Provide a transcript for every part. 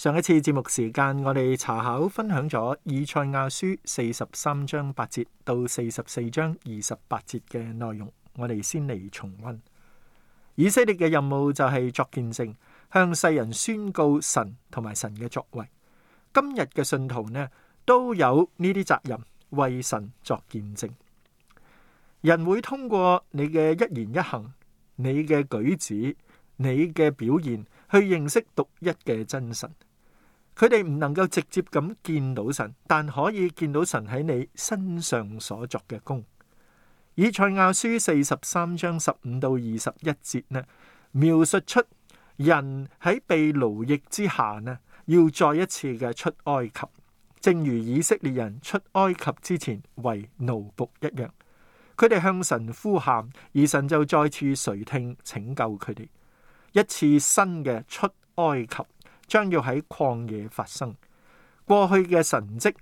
上一次節目時間，我哋查考分享咗以賽亞書四十三章八節到四十四章二十八節嘅內容，我哋先嚟重温。以色列嘅任務就係作見證，向世人宣告神同埋神嘅作為。今日嘅信徒呢都有呢啲責任，為神作見證。人會通過你嘅一言一行、你嘅舉止、你嘅表現去認識獨一嘅真神。佢哋唔能夠直接咁見到神，但可以見到神喺你身上所作嘅功。以賽亞書四十三章十五到二十一節呢，描述出人喺被奴役之下呢，要再一次嘅出埃及，正如以色列人出埃及之前為奴僕一樣。佢哋向神呼喊，而神就再次垂聽拯救佢哋，一次新嘅出埃及。將要喺曠野發生過去嘅神迹，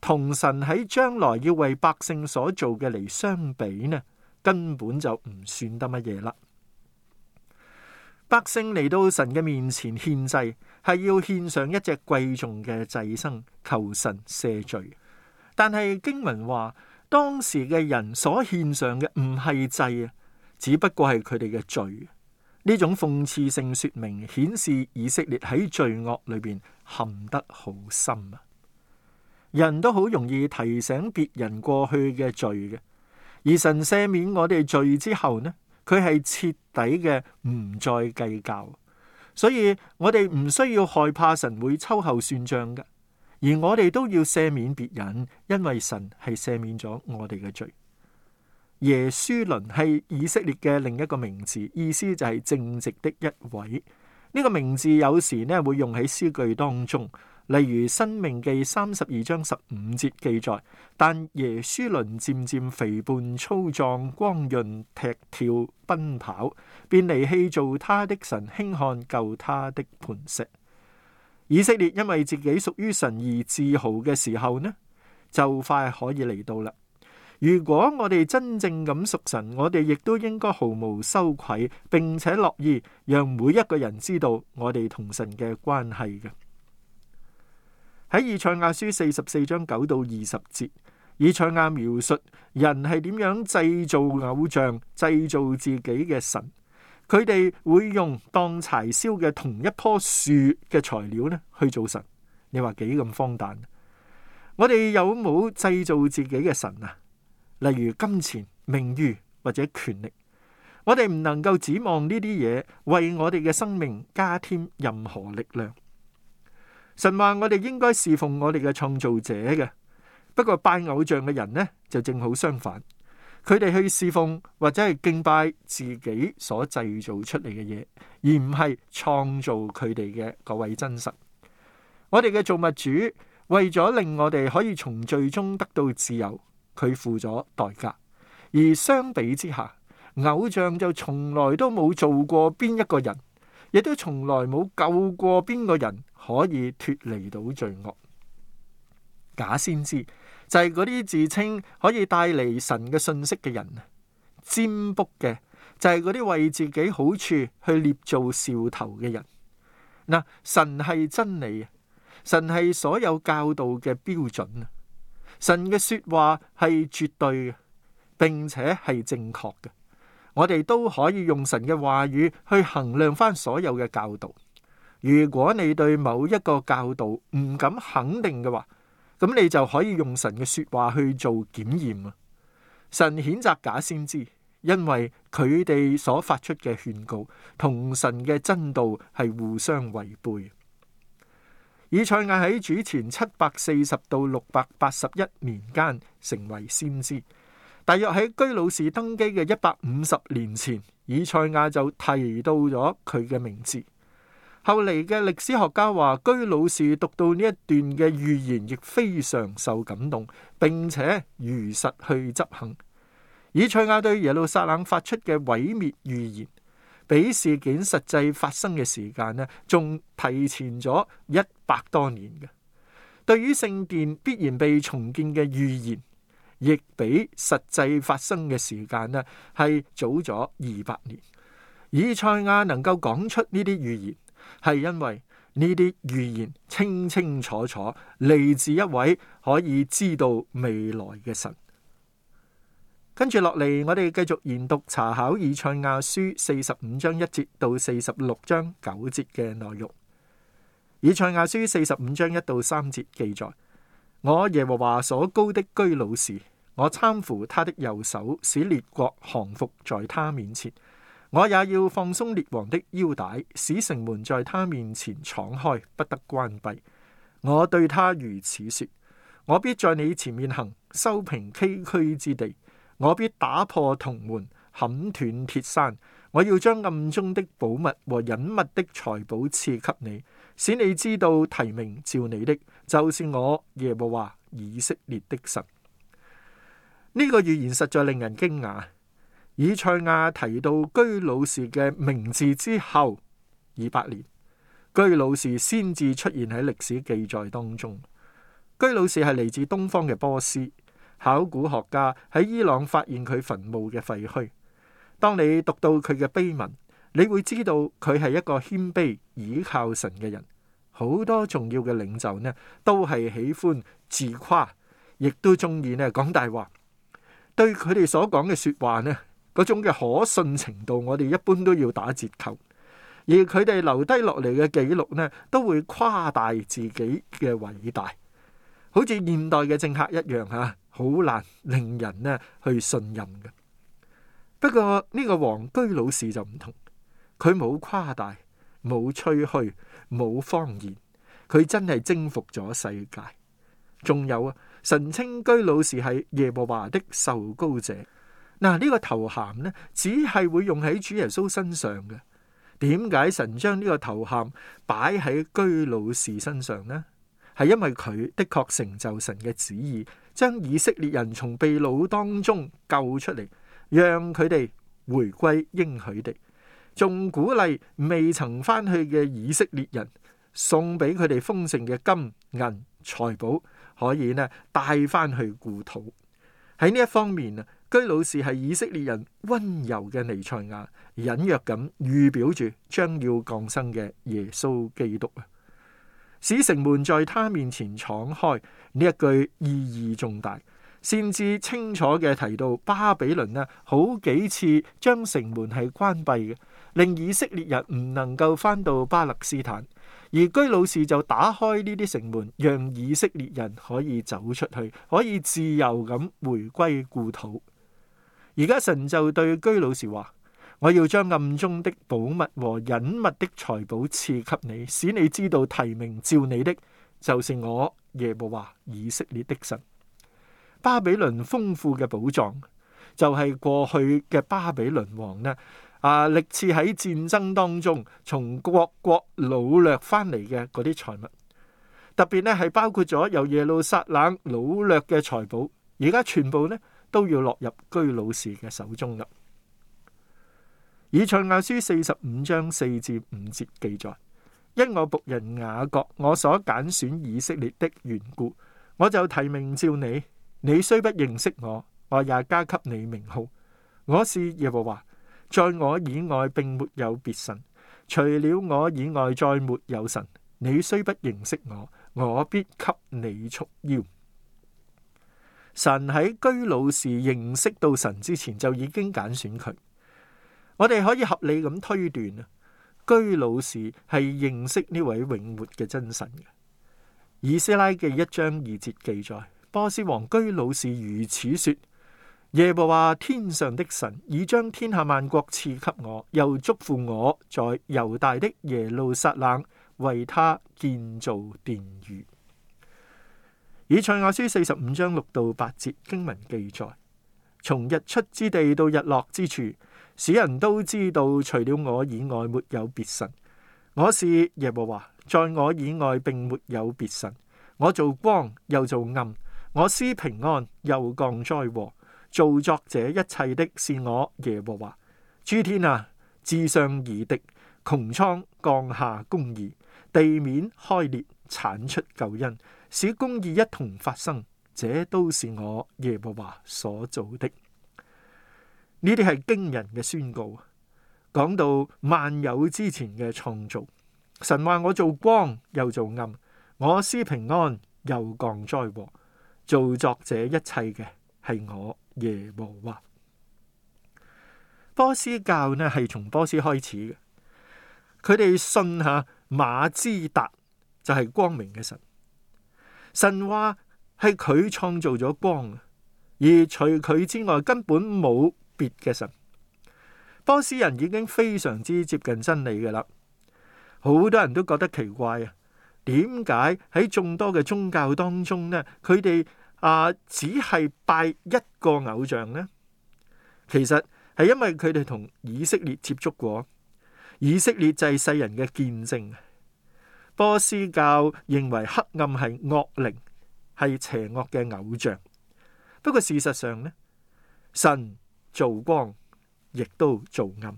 同神喺將來要為百姓所做嘅，嚟相比呢，根本就唔算得乜嘢啦。百姓嚟到神嘅面前獻祭，係要獻上一隻貴重嘅祭牲，求神赦罪。但係經文話，當時嘅人所獻上嘅唔係祭啊，只不過係佢哋嘅罪。呢種諷刺性說明顯示以色列喺罪惡裏邊陷得好深啊！人都好容易提醒別人過去嘅罪嘅，而神赦免我哋罪之後呢，佢係徹底嘅唔再計較，所以我哋唔需要害怕神會秋後算賬㗎，而我哋都要赦免別人，因為神係赦免咗我哋嘅罪。耶書倫係以色列嘅另一個名字，意思就係正直的一位。呢、這個名字有時呢會用喺詩句當中，例如《申命記》三十二章十五節記載：但耶書倫漸漸肥胖粗壯光潤，光潤踢跳奔跑，便離棄造他的神，輕看救他的磐石。以色列因為自己屬於神而自豪嘅時候呢，就快可以嚟到啦。如果我哋真正咁屬神，我哋亦都應該毫無羞愧，並且樂意讓每一個人知道我哋同神嘅關係嘅。喺以賽亞書四十四章九到二十節，以賽亞描述人係點樣製造偶像，製造自己嘅神。佢哋會用當柴燒嘅同一棵樹嘅材料呢去做神。你話幾咁荒誕？我哋有冇製造自己嘅神啊？例如金錢、名譽或者權力，我哋唔能夠指望呢啲嘢為我哋嘅生命加添任何力量。神話我哋應該侍奉我哋嘅創造者嘅，不過拜偶像嘅人呢就正好相反，佢哋去侍奉或者係敬拜自己所製造出嚟嘅嘢，而唔係創造佢哋嘅嗰位真實。我哋嘅造物主為咗令我哋可以從罪中得到自由。佢付咗代價，而相比之下，偶像就從來都冇做過邊一個人，亦都從來冇救過邊個人可以脫離到罪惡。假先知就係嗰啲自稱可以帶嚟神嘅信息嘅人，占卜嘅就係嗰啲為自己好處去捏造兆頭嘅人。嗱，神係真理，神係所有教導嘅標準。神嘅說話係絕對嘅，並且係正確嘅。我哋都可以用神嘅話語去衡量翻所有嘅教導。如果你對某一個教導唔敢肯定嘅話，咁你就可以用神嘅說話去做檢驗啊。神譴責假先知，因為佢哋所發出嘅勸告同神嘅真道係互相違背。以賽亞喺主前七百四十到六百八十一年間成為先知，大約喺居魯士登基嘅一百五十年前，以賽亞就提到咗佢嘅名字。後嚟嘅歷史學家話，居魯士讀到呢一段嘅預言，亦非常受感動，並且如實去執行。以賽亞對耶路撒冷發出嘅毀滅預言。比事件實際發生嘅時間咧，仲提前咗一百多年嘅。對於聖殿必然被重建嘅預言，亦比實際發生嘅時間咧係早咗二百年。以賽亞能夠講出呢啲預言，係因為呢啲預言清清楚楚，嚟自一位可以知道未來嘅神。跟住落嚟，我哋繼續研讀查考以賽亞書四十五章一節到四十六章九節嘅內容。以賽亞書四十五章一到三節記載：我耶和華所膏的居魯士，我攙扶他的右手，使列國降服在他面前；我也要放鬆列王的腰帶，使城門在他面前敞開，不得關閉。我對他如此說：我必在你前面行，修平崎嶇之地。我必打破銅門，砍斷鐵山。我要將暗中的寶物和隱密的財寶賜給你，使你知道，提名召你的就是我耶和華以色列的神。呢、這個預言實在令人驚訝。以賽亞提到居魯士嘅名字之後二百年，居魯士先至出現喺歷史記載當中。居魯士係嚟自東方嘅波斯。考古學家喺伊朗發現佢墳墓嘅廢墟。當你讀到佢嘅碑文，你會知道佢係一個謙卑倚靠神嘅人。好多重要嘅領袖呢，都係喜歡自誇，亦都中意呢講大話。對佢哋所講嘅說話呢，嗰種嘅可信程度，我哋一般都要打折扣。而佢哋留低落嚟嘅記錄呢，都會誇大自己嘅偉大，好似現代嘅政客一樣吓。好難令人呢去信任嘅。不過呢，這個黃居老士就唔同，佢冇誇大，冇吹噓，冇謊言，佢真係征服咗世界。仲有啊,神稱居老士係耶和華的受膏者。嗱，呢個頭銜呢，只係會用喺主耶穌身上嘅。點解神將呢個頭銜擺喺居老士身上呢？係因為佢的確成就神嘅旨意，將以色列人從被擄當中救出嚟，讓佢哋回歸應許地，仲鼓勵未曾翻去嘅以色列人，送俾佢哋豐盛嘅金銀財寶，可以呢帶翻去故土。喺呢一方面啊，居魯士係以色列人溫柔嘅彌賽亞，隱約咁預表住將要降生嘅耶穌基督啊。使城門在他面前敞開呢一句意義重大，先知清楚嘅提到巴比倫呢好幾次將城門係關閉嘅，令以色列人唔能夠返到巴勒斯坦，而居魯士就打開呢啲城門，讓以色列人可以走出去，可以自由咁回歸故土。而家神就對居魯士話。我要將暗中的寶物和隱密的財寶賜給你，使你知道提名召你的就是我耶和華以色列的神。巴比倫豐富嘅寶藏，就係、是、過去嘅巴比倫王呢啊歷次喺戰爭當中從各國擄掠翻嚟嘅嗰啲財物，特別呢係包括咗由耶路撒冷擄掠嘅財寶，而家全部呢都要落入居魯士嘅手中啦。以賽亞書四十五章四至五節記載：因我僕人雅各我所揀選以色列的緣故，我就提名召你。你雖不認識我，我也加給你名號。我是耶和華，在我以外並沒有別神，除了我以外再沒有神。你雖不認識我，我必給你束腰。神喺居魯士認識到神之前就已經揀選佢。我哋可以合理咁推斷居魯士係認識呢位永活嘅真神嘅。以斯拉嘅一章二節記載，波斯王居魯士如此説：耶和華天上的神已將天下萬國賜給我，又囑咐我在猶大的耶路撒冷為他建造殿宇。以賽亞書四十五章六到八節經文記載，從日出之地到日落之處。使人都知道，除了我以外沒有別神。我是耶和華，在我以外並沒有別神。我做光又做暗，我施平安又降災禍，做作這一切的是我耶和華。諸天啊，自上而滴，穹蒼降下公義，地面開裂，產出救恩，使公義一同發生。這都是我耶和華所做的。呢啲係驚人嘅宣告，講到萬有之前嘅創造，神話我做光又做暗，我施平安又降災禍，造作者一切嘅係我耶和華。波斯教呢係從波斯開始嘅，佢哋信下馬之達就係、是、光明嘅神，神話係佢創造咗光，而除佢之外根本冇別嘅神，波斯人已經非常之接近真理㗎喇。好多人都覺得奇怪啊，點解喺眾多嘅宗教當中呢？佢哋啊，只係拜一個偶像呢？其實係因為佢哋同以色列接觸過，以色列係世人嘅見證。波斯教認為黑暗係惡靈，係邪惡嘅偶像。不過事實上呢，神。做光亦都做暗，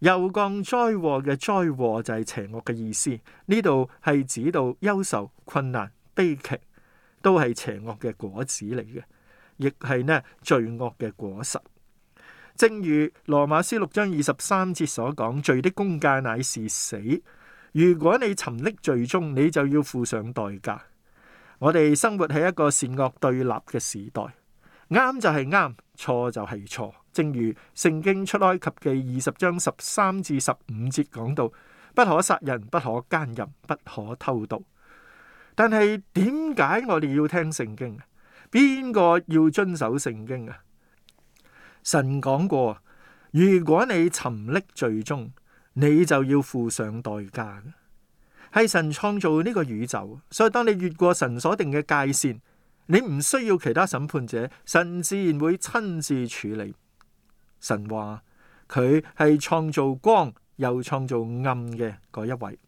又降災禍嘅災禍就係邪惡嘅意思。呢度係指到憂愁、困難、悲劇都係邪惡嘅果子嚟嘅，亦係呢罪惡嘅果實。正如羅馬書六章二十三節所講：罪的公價乃是死。如果你沉溺罪中，你就要付上代價。我哋生活喺一個善惡對立嘅時代，啱就係啱。錯就係錯，正如聖經出埃及記二十章十三至十五節講到：不可殺人，不可奸淫，不可偷盜。但係點解我哋要聽聖經？邊個要遵守聖經啊？神講過，如果你沉溺罪中，你就要付上代價。係神創造呢個宇宙，所以當你越過神所定嘅界線。你唔需要其他審判者，神自然會親自處理。神話佢係創造光又創造暗嘅嗰一位。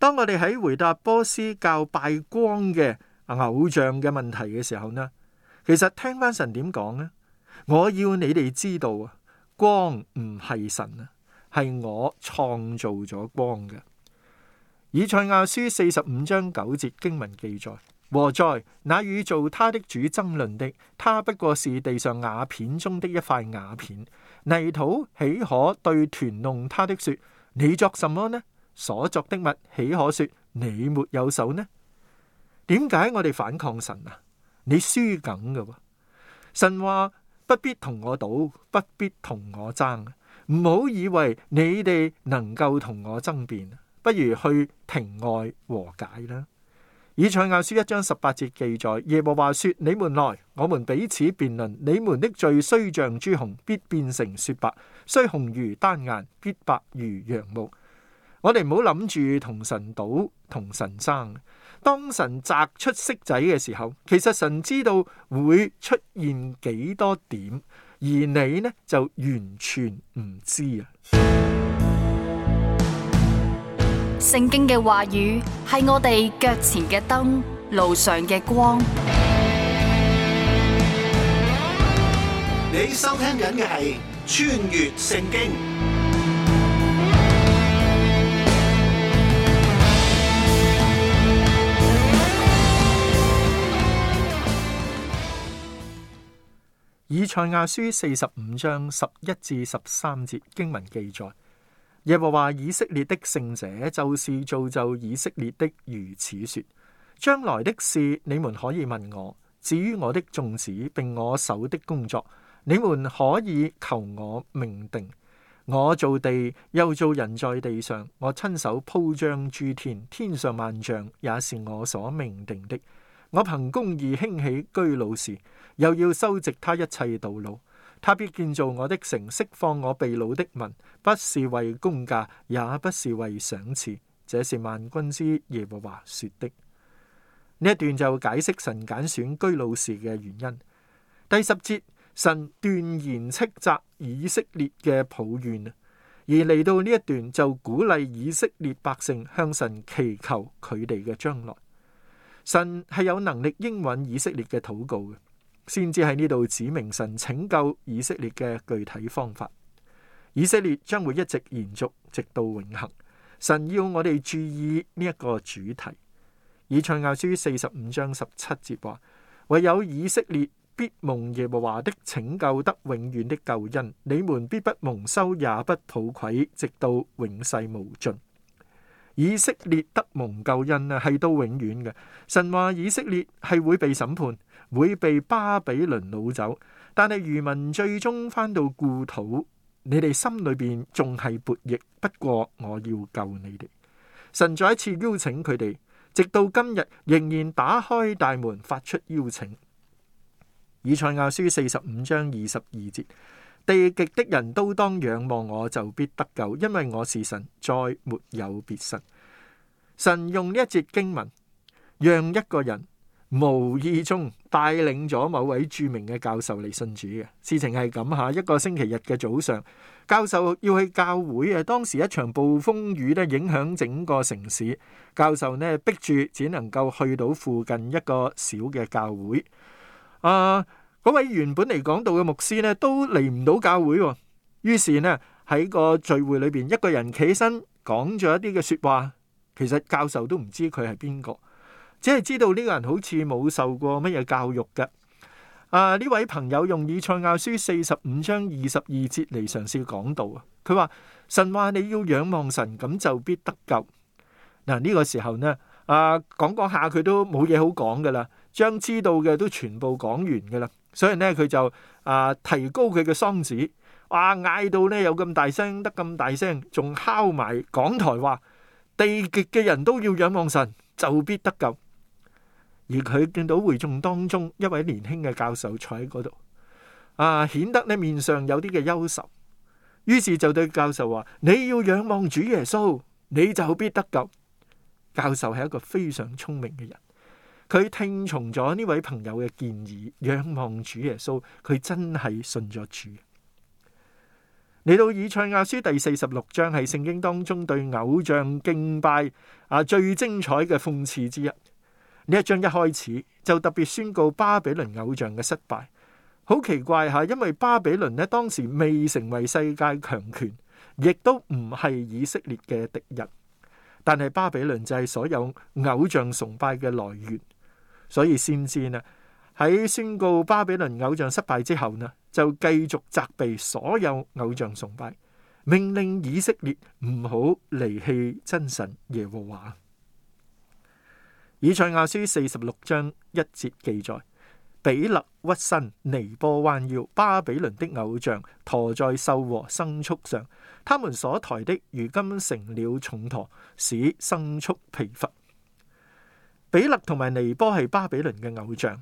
當我哋喺回答波斯教拜光嘅偶像嘅問題嘅時候呢，其實聽翻神點講呢？我要你哋知道啊，光唔係神啊，係我創造咗光嘅。以賽亞書四十五章九節經文記載。和在那與做他的主爭論的，他不過是地上瓦片中的一塊瓦片。泥土豈可對摶弄他的說：你作什麼呢？所作的物豈可說你沒有手呢？點解我哋反抗神啊？你輸梗㗎，啊，神話不必同我賭，不必同我爭，唔好以為你哋能夠同我爭辯，不如去庭外和解啦。以賽亞書一章十八節記載，耶和華說：你們來，我們彼此辯論，你們的罪雖像朱紅，必變成雪白；雖紅如丹顏，必白如羊毛。」我哋唔好諗住同神賭，同神爭。當神摘出色仔嘅時候，其實神知道會出現幾多點，而你呢就完全唔知啊！聖經嘅話語係我哋腳前嘅燈，路上嘅光。你收聽緊嘅係《穿越聖經》。以賽亞書四十五章十一至十三節經文記載。耶和華以色列的聖者就是造就以色列的，如此說：將來的事你們可以問我；至於我的眾子並我手的工作，你們可以求我命定。我造地又造人在地上，我親手鋪張諸天，天上萬象也是我所命定的。我憑公義興起居魯士，又要修直他一切道路。他必建造我的城，釋放我被擄的民，不是為公價，也不是為賞賜。這是萬軍之耶和華說的。呢一段就解釋神揀選居魯士嘅原因。第十節，神斷言斥責以色列嘅抱怨，而嚟到呢一段就鼓勵以色列百姓向神祈求佢哋嘅將來。神係有能力應允以色列嘅禱告嘅。先至喺呢度指明神拯救以色列嘅具體方法。以色列將會一直延續，直到永恆。神要我哋注意呢一個主題。以賽亞書四十五章十七節話：唯有以色列必蒙耶和華的拯救，得永遠的救恩。你們必不蒙羞，也不抱愧，直到永世無盡。以色列得蒙救恩啊，係都永遠嘅。神話以色列係會被審判。會被巴比倫擄走，但係漁民最終翻到故土，你哋心裏邊仲係悖逆。不過我要救你哋，神再一次邀請佢哋，直到今日仍然打開大門，發出邀請。以賽亞書四十五章二十二節：地極的人都當仰望我，就必得救，因為我是神，再沒有別神。神用呢一節經文，讓一個人。無意中帶領咗某位著名嘅教授嚟信主嘅事情係咁吓。一個星期日嘅早上，教授要去教會嘅。當時一場暴風雨咧影響整個城市，教授呢逼住只能夠去到附近一個小嘅教會。啊，嗰位原本嚟講道嘅牧師呢都嚟唔到教會，於是呢喺個聚會裏邊，一個人起身講咗一啲嘅說話，其實教授都唔知佢係邊個。只係知道呢個人好似冇受過乜嘢教育嘅。啊，呢位朋友用以賽亞書四十五章二十二節嚟嘗試講道啊。佢話神話你要仰望神，咁就必得救。嗱、啊、呢、呢個時候呢，啊講講下佢都冇嘢好講噶啦，將知道嘅都全部講完噶啦。所以呢佢就啊提高佢嘅嗓子，哇、啊、嗌到呢有咁大聲，得咁大聲，仲敲埋講台話，地極嘅人都要仰望神，就必得救。而佢見到會眾當中一位年輕嘅教授坐喺嗰度，啊，顯得你面上有啲嘅憂愁。於是就對教授話：你要仰望主耶穌，你就好必得救。教授係一個非常聰明嘅人，佢聽從咗呢位朋友嘅建議，仰望主耶穌，佢真係信咗主。嚟到以賽亞書第四十六章係聖經當中對偶像敬拜啊最精彩嘅諷刺之一。呢一章一開始就特別宣告巴比倫偶像嘅失敗，好奇怪吓，因為巴比倫呢，當時未成為世界強權，亦都唔係以色列嘅敵人，但係巴比倫就係所有偶像崇拜嘅來源，所以先知呢喺宣告巴比倫偶像失敗之後呢，就繼續責備所有偶像崇拜，命令以色列唔好離棄真神耶和華。以賽亞書四十六章一節記載：比勒屈身，尼波彎腰。巴比倫的偶像馱在獸和牲畜上，他們所抬的如今成了重馱，使牲畜疲乏。比勒同埋尼波係巴比倫嘅偶像，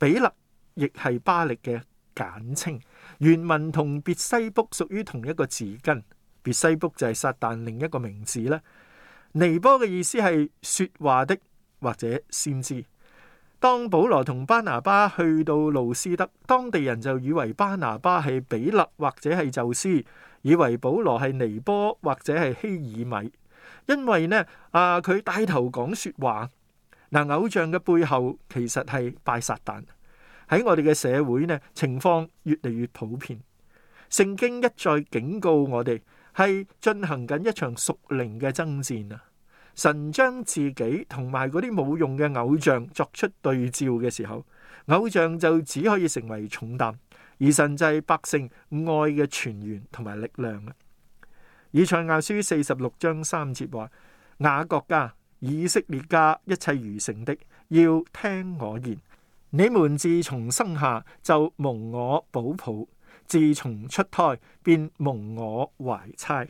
比勒亦係巴力嘅簡稱。原文同別西卜屬於同一個字根，別西卜就係撒旦另一個名字呢。尼波嘅意思係說話的。或者先知。當保羅同班拿巴去到路斯德，當地人就以為班拿巴係比勒或者係宙斯，以為保羅係尼波或者係希爾米，因為呢，啊佢帶頭講說話，嗱偶像嘅背後其實係拜撒旦，喺我哋嘅社會呢，情況越嚟越普遍，聖經一再警告我哋係進行緊一場屬靈嘅爭戰啊！神將自己同埋嗰啲冇用嘅偶像作出對照嘅時候，偶像就只可以成為重擔，而神就係百姓愛嘅泉源同埋力量。以賽亞書四十六章三節話：雅各家、以色列家，一切餘剩的，要聽我言。你們自從生下就蒙我保抱，自從出胎便蒙我懷差。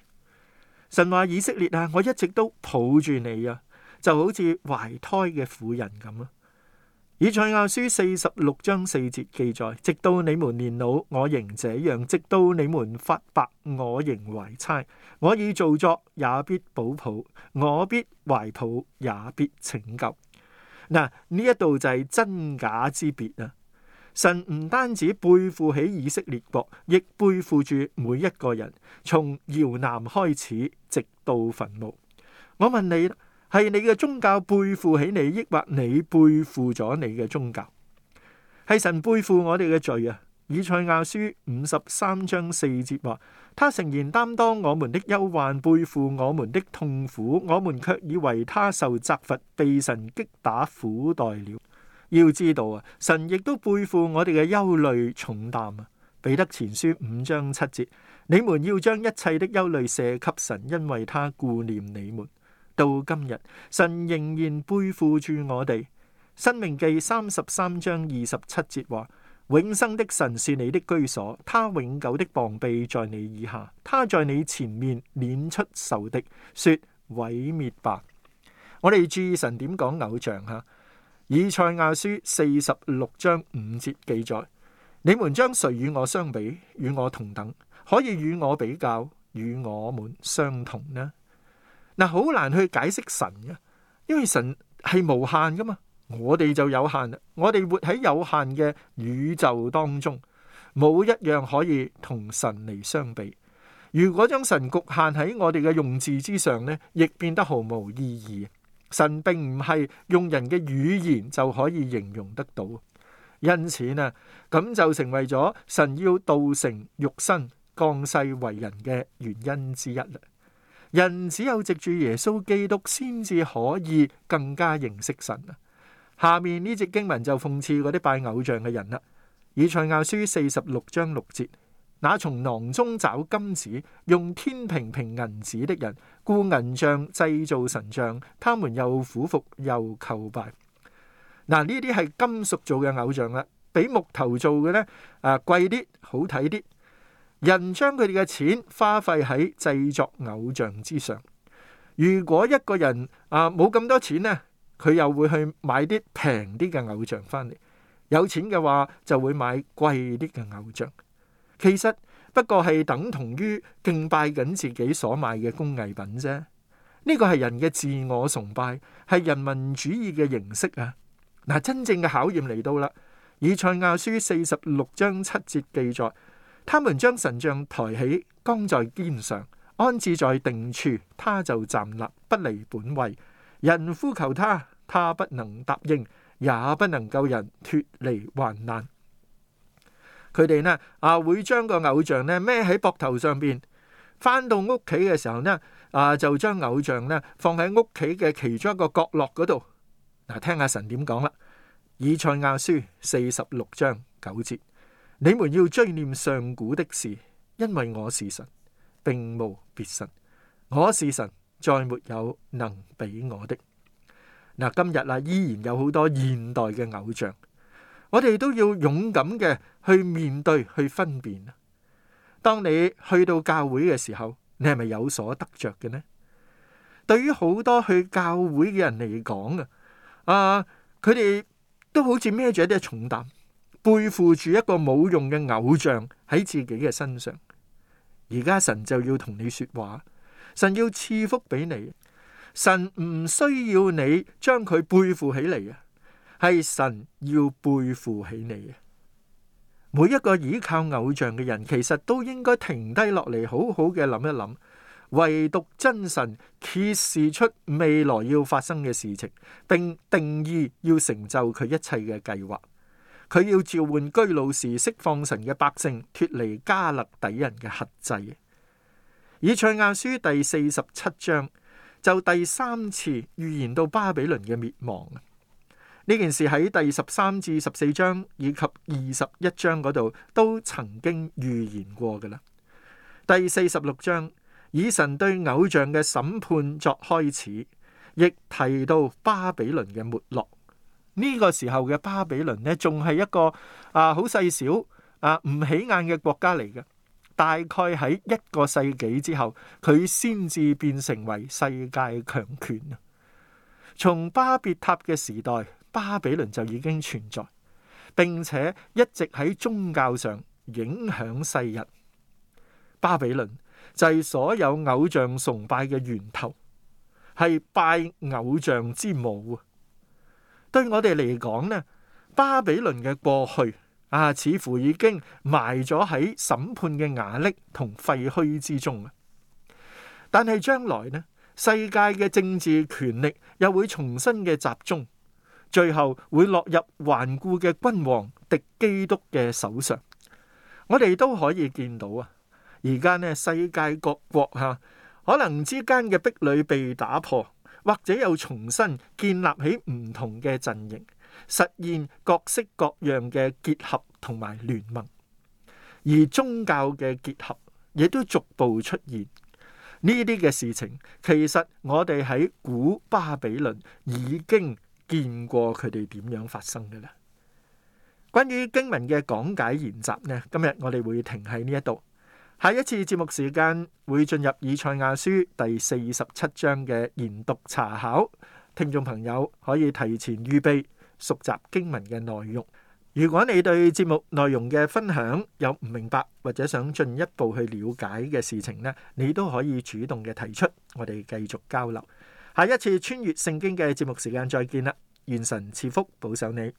神話以色列啊，我一直都抱住你啊，就好似懷胎嘅婦人咁咯。以賽亞書四十六章四節記載：直到你們年老，我仍這樣；直到你們髮白，我仍懷搋。我已造作也必保抱，我必懷抱也必拯救。嗱，呢一度就係真假之別啊！神唔單止背負起以色列國，亦背負住每一個人，從搖籃開始直到墳墓。我問你啦，係你嘅宗教背負起你，抑或你背負咗你嘅宗教？係神背負我哋嘅罪啊！以賽亞書五十三章四節話：他誠然擔當我們的憂患，背負我們的痛苦，我們卻以為他受責罰，被神擊打苦待了。要知道啊，神亦都背負我哋嘅憂慮重擔啊！彼得前書五章七節：你們要將一切的憂慮卸給神，因為他顧念你們。到今日，神仍然背負住我哋。申命記三十三章二十七節話：永生的神是你的居所，他永久的膀臂在你以下，他在你前面攆出仇敵，說毀滅吧！我哋注意神點講偶像吓。以賽亞書四十六章五節記載：你們將誰與我相比？與我同等？可以與我比較？與我們相同呢？嗱、嗯，好難去解釋神嘅，因為神係無限噶嘛，我哋就有限。我哋活喺有限嘅宇宙當中，冇一樣可以同神嚟相比。如果將神局限喺我哋嘅用字之上呢，亦變得毫無意義。神並唔係用人嘅語言就可以形容得到，因此呢，咁就成為咗神要道成肉身降世為人嘅原因之一啦。人只有藉住耶穌基督，先至可以更加認識神啊。下面呢隻經文就諷刺嗰啲拜偶像嘅人啦，《以賽亞書》四十六章六節。那從囊中找金子，用天平平銀子的人，雇銀匠製造神像。他們又俯伏又叩拜。嗱，呢啲係金屬做嘅偶像啦，比木頭做嘅呢，誒貴啲，好睇啲。人將佢哋嘅錢花費喺製作偶像之上。如果一個人啊冇咁多錢呢，佢又會去買啲平啲嘅偶像翻嚟，有錢嘅話，就會買貴啲嘅偶像。其實不過係等同於敬拜緊自己所買嘅工藝品啫，呢個係人嘅自我崇拜，係人民主義嘅形式啊！嗱，真正嘅考驗嚟到啦，《以賽亞書》四十六章七節記載：他們將神像抬起，扛在肩上，安置在定處，他就站立不離本位。人呼求他，他不能答應，也不能救人脫離患難。佢哋咧啊，會將個偶像咧孭喺膊頭上邊，返到屋企嘅時候咧啊，就將偶像咧放喺屋企嘅其中一個角落嗰度。嗱，聽下神點講啦，《以賽亞書》四十六章九節：你們要追念上古的事，因為我是神，並無別神。我是神，再沒有能比我的。嗱，今日啊，依然有好多現代嘅偶像。我哋都要勇敢嘅去面對、去分辨。當你去到教會嘅時候，你係咪有所得着嘅呢？對於好多去教會嘅人嚟講啊，啊，佢哋都好似孭住一啲重擔，背負住一個冇用嘅偶像喺自己嘅身上。而家神就要同你說話，神要賜福俾你，神唔需要你將佢背負起嚟啊！係神要背負起你嘅。每一個倚靠偶像嘅人，其實都應該停低落嚟，好好嘅諗一諗。唯獨真神揭示出未來要發生嘅事情，並定義要成就佢一切嘅計劃。佢要召喚居魯士釋放神嘅百姓，脫離加勒底人嘅轄制。以賽亞書第四十七章就第三次預言到巴比倫嘅滅亡。呢件事喺第十三至十四章以及二十一章嗰度都曾經預言過噶啦。第四十六章以神對偶像嘅審判作開始，亦提到巴比倫嘅沒落。呢個時候嘅巴比倫呢仲係一個啊好細小啊唔起眼嘅國家嚟嘅。大概喺一個世紀之後，佢先至變成為世界強權。從巴別塔嘅時代。巴比倫就已經存在，並且一直喺宗教上影響世人。巴比倫就係所有偶像崇拜嘅源頭，係拜偶像之母啊。對我哋嚟講呢，巴比倫嘅過去啊，似乎已經埋咗喺審判嘅瓦礫同廢墟之中啊。但係將來呢，世界嘅政治權力又會重新嘅集中。最後會落入頑固嘅君王敵基督嘅手上。我哋都可以見到啊，而家呢世界各國吓可能之間嘅壁壘被打破，或者又重新建立起唔同嘅陣營，實現各式各樣嘅結合同埋聯盟。而宗教嘅結合亦都逐步出現。呢啲嘅事情，其實我哋喺古巴比倫已經。見過佢哋點樣發生嘅喇。關於經文嘅講解研習呢，今日我哋會停喺呢一度。下一次節目時間會進入以賽亞書第四十七章嘅研讀查考。聽眾朋友可以提前預備，熟習經文嘅內容。如果你對節目內容嘅分享有唔明白，或者想進一步去了解嘅事情呢，你都可以主動嘅提出，我哋繼續交流。下一次穿越聖經嘅節目時間再見啦！願神賜福保守你。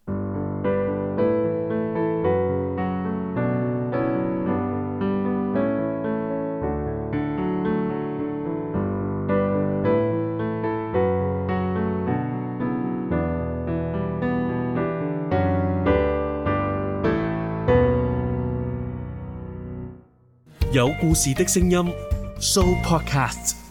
有故事的聲音，Sooopodcast。